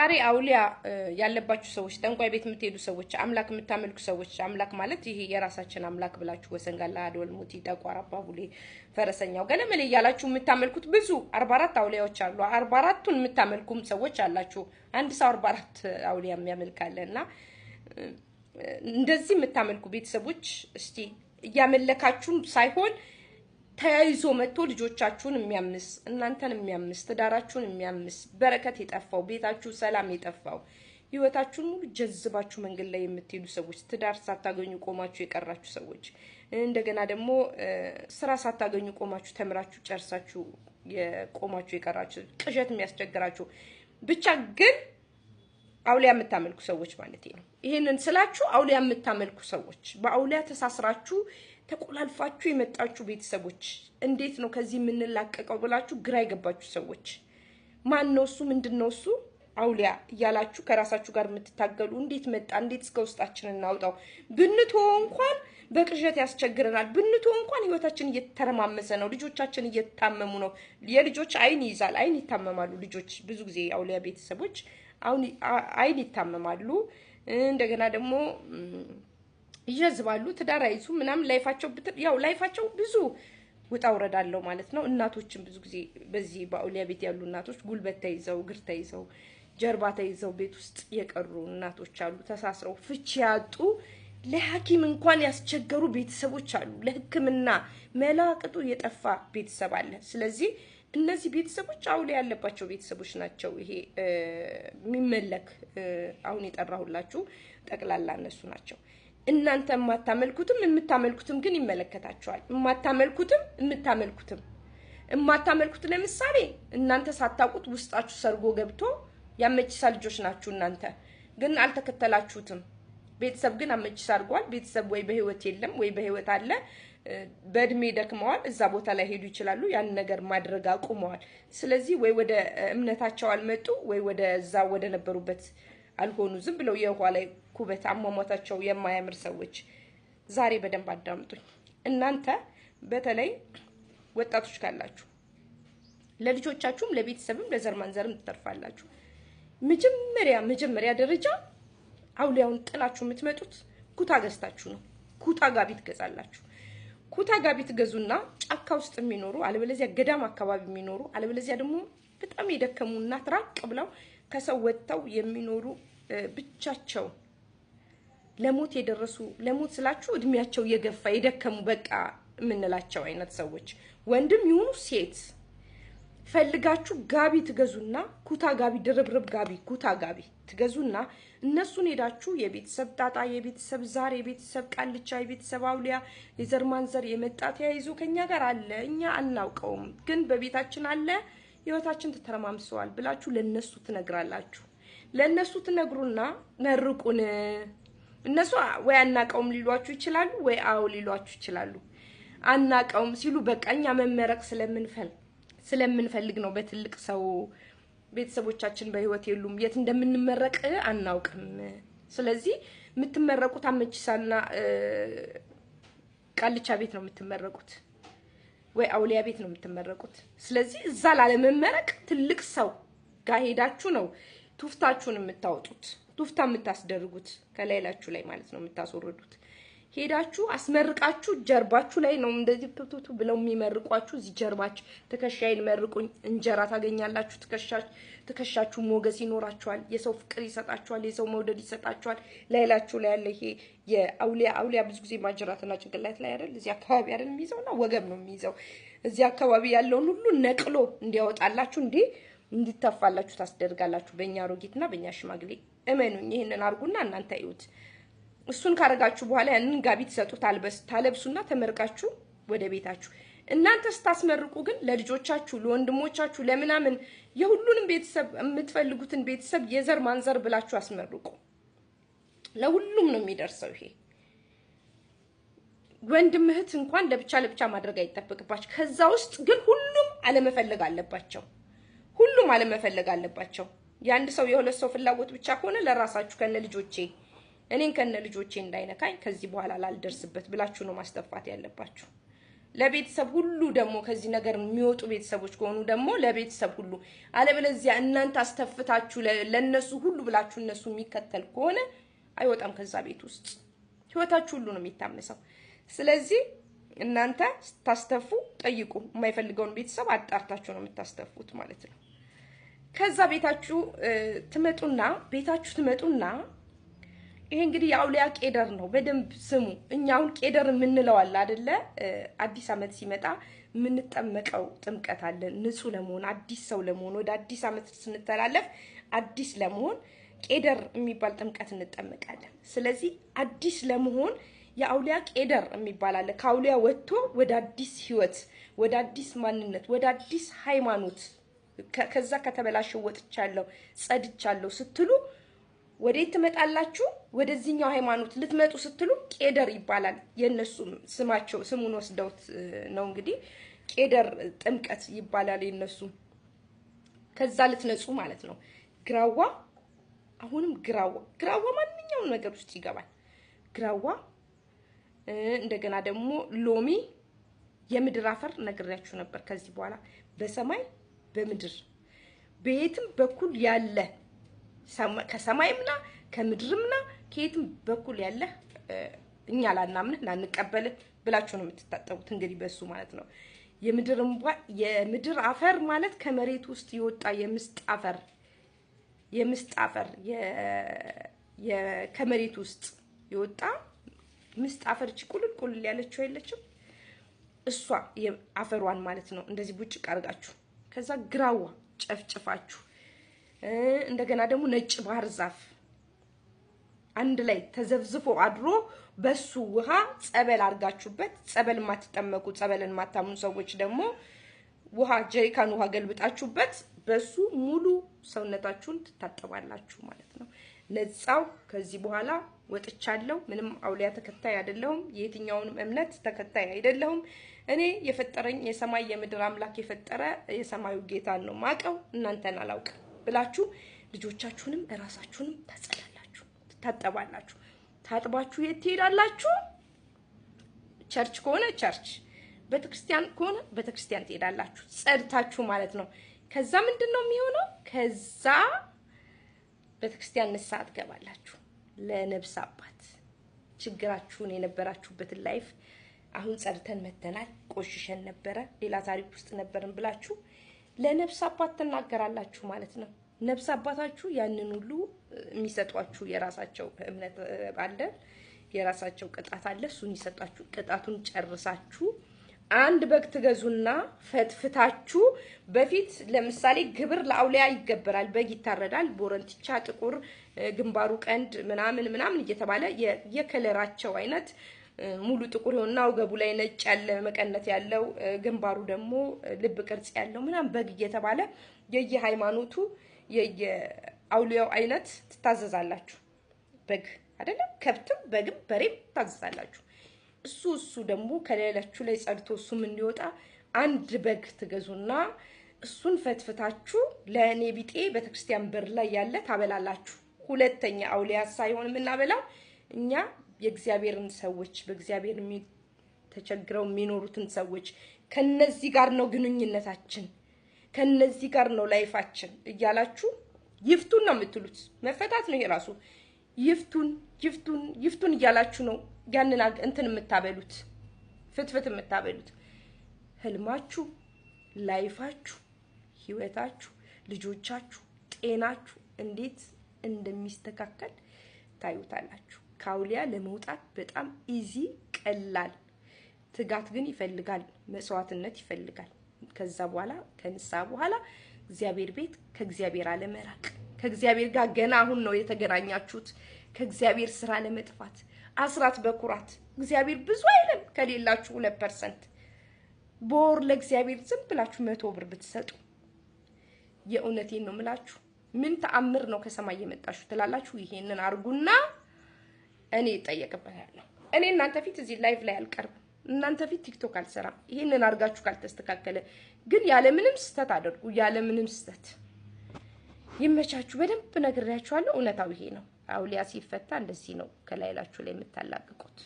ዛሬ አውሊያ ያለባችሁ ሰዎች፣ ጠንቋይ ቤት የምትሄዱ ሰዎች፣ አምላክ የምታመልኩ ሰዎች አምላክ ማለት ይሄ የራሳችን አምላክ ብላችሁ ወሰንጋላ አዶል ሙቲ ጠቋር አባቡሌ ፈረሰኛው ገለመሌ እያላችሁ የምታመልኩት ብዙ አርባ አራት አውሊያዎች አሉ። አርባ አራቱን የምታመልኩም ሰዎች አላችሁ። አንድ ሰው አርባ አራት አውሊያ የሚያመልካለ እና እንደዚህ የምታመልኩ ቤተሰቦች እስቲ እያመለካችሁም ሳይሆን ተያይዞ መጥቶ ልጆቻችሁን የሚያምስ እናንተን የሚያምስ ትዳራችሁን የሚያምስ በረከት የጠፋው ቤታችሁ ሰላም የጠፋው ህይወታችሁን ሙሉ ጀዝባችሁ መንገድ ላይ የምትሄዱ ሰዎች፣ ትዳር ሳታገኙ ቆማችሁ የቀራችሁ ሰዎች፣ እንደገና ደግሞ ስራ ሳታገኙ ቆማችሁ ተምራችሁ ጨርሳችሁ የቆማችሁ የቀራችሁ ቅዠት የሚያስቸግራችሁ ብቻ ግን አውሊያ የምታመልኩ ሰዎች ማለት ነው። ይሄንን ስላችሁ አውሊያ የምታመልኩ ሰዎች በአውሊያ ተሳስራችሁ ተቆላልፋችሁ የመጣችሁ ቤተሰቦች እንዴት ነው ከዚህ የምንላቀቀው ብላችሁ ግራ የገባችሁ ሰዎች ማን ነው እሱ? ምንድን ነው እሱ? አውሊያ እያላችሁ ከራሳችሁ ጋር የምትታገሉ እንዴት መጣ? እንዴት እስከ ውስጣችን እናውጣው? ብንቶ እንኳን በቅዠት ያስቸግረናል። ብንቶ እንኳን ህይወታችን እየተረማመሰ ነው። ልጆቻችን እየታመሙ ነው። የልጆች አይን ይይዛል። አይን ይታመማሉ ልጆች ብዙ ጊዜ አውሊያ ቤተሰቦች አይን ይታመማሉ። እንደገና ደግሞ ይጀዝባሉ፣ ትዳር አይዙም ምናምን ላይፋቸው ያው ላይፋቸው ብዙ ውጣ ውረድ ማለት ነው። እናቶችን ብዙ ጊዜ በዚህ በአውሊያ ቤት ያሉ እናቶች ጉልበት ተይዘው እግር ተይዘው ጀርባ ተይዘው ቤት ውስጥ የቀሩ እናቶች አሉ። ተሳስረው ፍቺ ያጡ ለሐኪም እንኳን ያስቸገሩ ቤተሰቦች አሉ። ለሕክምና መላቅጡ የጠፋ ቤተሰብ አለ። ስለዚህ እነዚህ ቤተሰቦች አውሊ ያለባቸው ቤተሰቦች ናቸው። ይሄ የሚመለክ አሁን የጠራሁላችሁ ጠቅላላ እነሱ ናቸው። እናንተ የማታመልኩትም የምታመልኩትም ግን ይመለከታቸዋል። የማታመልኩትም የምታመልኩትም የማታመልኩት ለምሳሌ እናንተ ሳታውቁት ውስጣችሁ ሰርጎ ገብቶ ያመችሳ ልጆች ናችሁ። እናንተ ግን አልተከተላችሁትም። ቤተሰብ ግን አመቺሳ አድርጓል። ቤተሰብ ወይ በህይወት የለም ወይ በህይወት አለ፣ በእድሜ ደክመዋል፣ እዛ ቦታ ላይ ሄዱ ይችላሉ። ያን ነገር ማድረግ አቁመዋል። ስለዚህ ወይ ወደ እምነታቸው አልመጡ ወይ ወደዛ ወደ ነበሩበት አልሆኑ። ዝም ብለው የውኋ ላይ ውበት፣ አሟሟታቸው የማያምር ሰዎች ዛሬ በደንብ አዳምጡኝ። እናንተ በተለይ ወጣቶች ካላችሁ ለልጆቻችሁም ለቤተሰብም ለዘር ማንዘርም ትተርፋላችሁ። መጀመሪያ መጀመሪያ ደረጃ አውሊያውን ጥላችሁ የምትመጡት ኩታ ገዝታችሁ ነው። ኩታ ጋቢ ትገዛላችሁ። ኩታ ጋቢ ትገዙና ጫካ ውስጥ የሚኖሩ አለበለዚያ ገዳም አካባቢ የሚኖሩ አለበለዚያ ደግሞ በጣም የደከሙ እናት ራቅ ብለው ከሰው ወጥተው የሚኖሩ ብቻቸው ለሞት የደረሱ ለሞት ስላችሁ እድሜያቸው የገፋ የደከሙ በቃ የምንላቸው አይነት ሰዎች ወንድም ይሁኑ ሴት ፈልጋችሁ ጋቢ ትገዙና ኩታ ጋቢ ድርብርብ ጋቢ ኩታ ጋቢ ትገዙና እነሱን ሄዳችሁ የቤተሰብ ጣጣ፣ የቤተሰብ ዛር፣ የቤተሰብ ቃልቻ፣ የቤተሰብ አውሊያ፣ የዘር ማንዘር የመጣ ተያይዞ ከኛ ጋር አለ፣ እኛ አናውቀውም፣ ግን በቤታችን አለ፣ ህይወታችን ተተረማምሰዋል ብላችሁ ለነሱ ትነግራላችሁ። ለነሱ ትነግሩና መርቁን እነሱ ወይ አናቀውም ሊሏችሁ ይችላሉ፣ ወይ አዎ ሊሏችሁ ይችላሉ። አናቀውም ሲሉ በቃ እኛ መመረቅ ስለምንፈልግ ነው። በትልቅ ሰው ቤተሰቦቻችን በህይወት የሉም፣ የት እንደምንመረቅ አናውቅም። ስለዚህ የምትመረቁት አመቺሳና ቃልቻ ቤት ነው የምትመረቁት፣ ወይ አውሊያ ቤት ነው የምትመረቁት። ስለዚህ እዛ ላለመመረቅ ትልቅ ሰው ጋር ሄዳችሁ ነው ቱፍታችሁን የምታወጡት ቱፍታ የምታስደርጉት ከላይላችሁ ላይ ማለት ነው የምታስወርዱት። ሄዳችሁ አስመርቃችሁ ጀርባችሁ ላይ ነው እንደዚህ ቱቱቱ ብለው የሚመርቋችሁ። እዚህ ጀርባችሁ ትከሻዬን መርቁኝ፣ እንጀራ ታገኛላችሁ። ትከሻችሁ ሞገስ ይኖራችኋል። የሰው ፍቅር ይሰጣችኋል። የሰው መውደድ ይሰጣችኋል። ላይላችሁ ላይ ያለ ይሄ የአውሊያ አውሊያ ብዙ ጊዜ ማጀራትና ጭንቅላት ላይ አይደል እዚህ አካባቢ አይደል የሚይዘውና ወገብ ነው የሚይዘው። እዚህ አካባቢ ያለውን ሁሉ ነቅሎ እንዲያወጣላችሁ እንዲህ እንዲተፋላችሁ ታስደርጋላችሁ። በእኛ አሮጊትና በእኛ ሽማግሌ እመኑኝ። ይህንን አርጉና እናንተ እዩት። እሱን ካረጋችሁ በኋላ ያንን ጋቢ ትሰጡት አልበስ ታለብሱና ተመርቃችሁ ወደ ቤታችሁ እናንተ ስታስመርቁ ግን ለልጆቻችሁ፣ ለወንድሞቻችሁ፣ ለምናምን የሁሉንም ቤተሰብ የምትፈልጉትን ቤተሰብ የዘር ማንዘር ብላችሁ አስመርቁ። ለሁሉም ነው የሚደርሰው ይሄ። ወንድም እህት እንኳን ለብቻ ለብቻ ማድረግ አይጠበቅባችሁ። ከዛ ውስጥ ግን ሁሉም አለመፈለግ አለባቸው። ሁሉም አለመፈለግ አለባቸው። የአንድ ሰው የሁለት ሰው ፍላጎት ብቻ ከሆነ ለራሳችሁ ከነ ልጆቼ እኔን ከነ ልጆቼ እንዳይነካኝ ከዚህ በኋላ ላልደርስበት ብላችሁ ነው ማስጠፋት ያለባችሁ። ለቤተሰብ ሁሉ ደግሞ ከዚህ ነገር የሚወጡ ቤተሰቦች ከሆኑ ደግሞ ለቤተሰብ ሁሉ፣ አለበለዚያ እናንተ አስተፍታችሁ ለነሱ ሁሉ ብላችሁ እነሱ የሚከተል ከሆነ አይወጣም ከዛ ቤት ውስጥ ህይወታችሁ ሁሉ ነው የሚታመሰው። ስለዚህ እናንተ ስታስተፉ ጠይቁ። የማይፈልገውን ቤተሰብ አጣርታችሁ ነው የምታስተፉት ማለት ነው። ከዛ ቤታችሁ ትመጡና ቤታችሁ ትመጡና ይሄ እንግዲህ የአውሊያ ቄደር ነው። በደንብ ስሙ። እኛ አሁን ቄደር የምንለው አደለ? አዲስ ዓመት ሲመጣ የምንጠመቀው ጥምቀት አለ። ንጹህ ለመሆን አዲስ ሰው ለመሆን ወደ አዲስ ዓመት ስንተላለፍ አዲስ ለመሆን ቄደር የሚባል ጥምቀት እንጠመቃለን። ስለዚህ አዲስ ለመሆን የአውሊያ ቄደር የሚባል አለ። ከአውሊያ ወጥቶ ወደ አዲስ ህይወት፣ ወደ አዲስ ማንነት፣ ወደ አዲስ ሃይማኖት ከዛ ከተበላሸው ወጥቻለሁ፣ ጸድቻለሁ ስትሉ ወዴት ትመጣላችሁ? ወደዚህኛው ሃይማኖት ልትመጡ ስትሉ ቄደር ይባላል። የነሱ ስማቸው ስሙን ወስደውት ነው እንግዲህ ቄደር ጥምቀት ይባላል የነሱ። ከዛ ልትነጹ ማለት ነው። ግራዋ አሁንም ግራዋ ግራዋ ማንኛውም ነገር ውስጥ ይገባል ግራዋ እንደገና ደግሞ ሎሚ የምድር አፈር ነግሬያችሁ ነበር። ከዚህ በኋላ በሰማይ በምድር በየትም በኩል ያለ ከሰማይምና ከምድርምና ከየትም በኩል ያለ እኛ ላናምንህ ላንቀበልህ ብላችሁ ነው የምትታጠቡት። እንግዲህ በሱ ማለት ነው። የምድር አፈር ማለት ከመሬት ውስጥ የወጣ የምስጥ አፈር የምስጥ አፈር ከመሬት ውስጥ የወጣ ምስጥ አፈር እቺ ቁልል ቁልል ያለችው የለችም እሷ አፈሯን ማለት ነው። እንደዚህ ቡጭቅ አድርጋችሁ ከዛ ግራዋ ጨፍጭፋችሁ እንደገና ደግሞ ነጭ ባህር ዛፍ አንድ ላይ ተዘብዝፎ አድሮ በሱ ውሃ ጸበል አድርጋችሁበት ጸበል የማትጠመቁ ጸበልን የማታምኑ ሰዎች ደግሞ ውሃ ጀሪካን ውሃ ገልብጣችሁበት በሱ ሙሉ ሰውነታችሁን ትታጠባላችሁ ማለት ነው። ነጻው ከዚህ በኋላ ወጥቻለሁ። ምንም አውሊያ ተከታይ አይደለሁም። የትኛውንም እምነት ተከታይ አይደለሁም። እኔ የፈጠረኝ የሰማይ የምድር አምላክ የፈጠረ የሰማዩ ጌታን ነው ማቀው፣ እናንተን አላውቅ ብላችሁ ልጆቻችሁንም እራሳችሁንም ታጸዳላችሁ፣ ትታጠባላችሁ። ታጥባችሁ የት ትሄዳላችሁ? ቸርች ከሆነ ቸርች፣ ቤተክርስቲያን ከሆነ ቤተክርስቲያን ትሄዳላችሁ። ጸድታችሁ ማለት ነው። ከዛ ምንድን ነው የሚሆነው? ከዛ ቤተክርስቲያን ንስሐ ትገባላችሁ። ለነብስ አባት ችግራችሁን የነበራችሁበትን ላይፍ አሁን ጸድተን መተናል፣ ቆሽሸን ነበረ፣ ሌላ ታሪክ ውስጥ ነበርን ብላችሁ ለነብስ አባት ትናገራላችሁ ማለት ነው። ነብስ አባታችሁ ያንን ሁሉ የሚሰጧችሁ የራሳቸው እምነት አለ፣ የራሳቸው ቅጣት አለ። እሱን ይሰጣችሁ ቅጣቱን ጨርሳችሁ አንድ በግ ትገዙና ፈትፍታችሁ በፊት ለምሳሌ ግብር ለአውሊያ ይገበራል። በግ ይታረዳል። ቦረንትቻ፣ ጥቁር ግንባሩ፣ ቀንድ ምናምን ምናምን እየተባለ የከለራቸው አይነት ሙሉ ጥቁር የሆነና ወገቡ ላይ ነጭ ያለ መቀነት ያለው ግንባሩ ደግሞ ልብ ቅርጽ ያለው ምናምን በግ እየተባለ የየሃይማኖቱ የየአውሊያው አይነት ትታዘዛላችሁ። በግ አይደለም ከብትም በግም በሬም ትታዘዛላችሁ። እሱ እሱ ደግሞ ከሌላችሁ ላይ ጸድቶ እሱም እንዲወጣ አንድ በግ ትገዙና እሱን ፈትፍታችሁ ለእኔ ቢጤ ቤተክርስቲያን በር ላይ ያለ ታበላላችሁ። ሁለተኛ አውሊያት ሳይሆን የምናበላው እኛ የእግዚአብሔርን ሰዎች በእግዚአብሔር ተቸግረው የሚኖሩትን ሰዎች ከነዚህ ጋር ነው ግንኙነታችን፣ ከነዚህ ጋር ነው ላይፋችን እያላችሁ ይፍቱን ነው የምትሉት። መፈታት ነው የራሱ ይፍቱን ይፍቱን ይፍቱን እያላችሁ ነው ያንን እንትን የምታበሉት ፍትፍት የምታበሉት ህልማችሁ፣ ላይፋችሁ፣ ህይወታችሁ፣ ልጆቻችሁ፣ ጤናችሁ እንዴት እንደሚስተካከል ታዩታላችሁ። ከአውሊያ ለመውጣት በጣም ኢዚ ቀላል፣ ትጋት ግን ይፈልጋል፣ መስዋዕትነት ይፈልጋል። ከዛ በኋላ ከንሳ በኋላ እግዚአብሔር ቤት ከእግዚአብሔር አለመራቅ ከእግዚአብሔር ጋር ገና አሁን ነው የተገናኛችሁት ከእግዚአብሔር ስራ ለመጥፋት አስራት በኩራት እግዚአብሔር ብዙ አይልም። ከሌላችሁ ሁለት ፐርሰንት በወር ለእግዚአብሔር ዝም ብላችሁ መቶ ብር ብትሰጡ የእውነቴን ነው ምላችሁ ምን ተአምር ነው ከሰማይ የመጣችሁ ትላላችሁ። ይሄንን አርጉና እኔ እጠየቅበታለሁ። እኔ እናንተ ፊት እዚህ ላይቭ ላይ አልቀርብም። እናንተ ፊት ቲክቶክ አልሰራም። ይሄንን አርጋችሁ ካልተስተካከለ ግን ያለምንም ስህተት አደርጉ። ያለምንም ስህተት ይመቻችሁ። በደንብ ነግሬያችኋለሁ። እውነታው ይሄ ነው። አውሊያ ሲፈታ እንደዚህ ነው ከላይላችሁ ላይ የምታላቅቁት።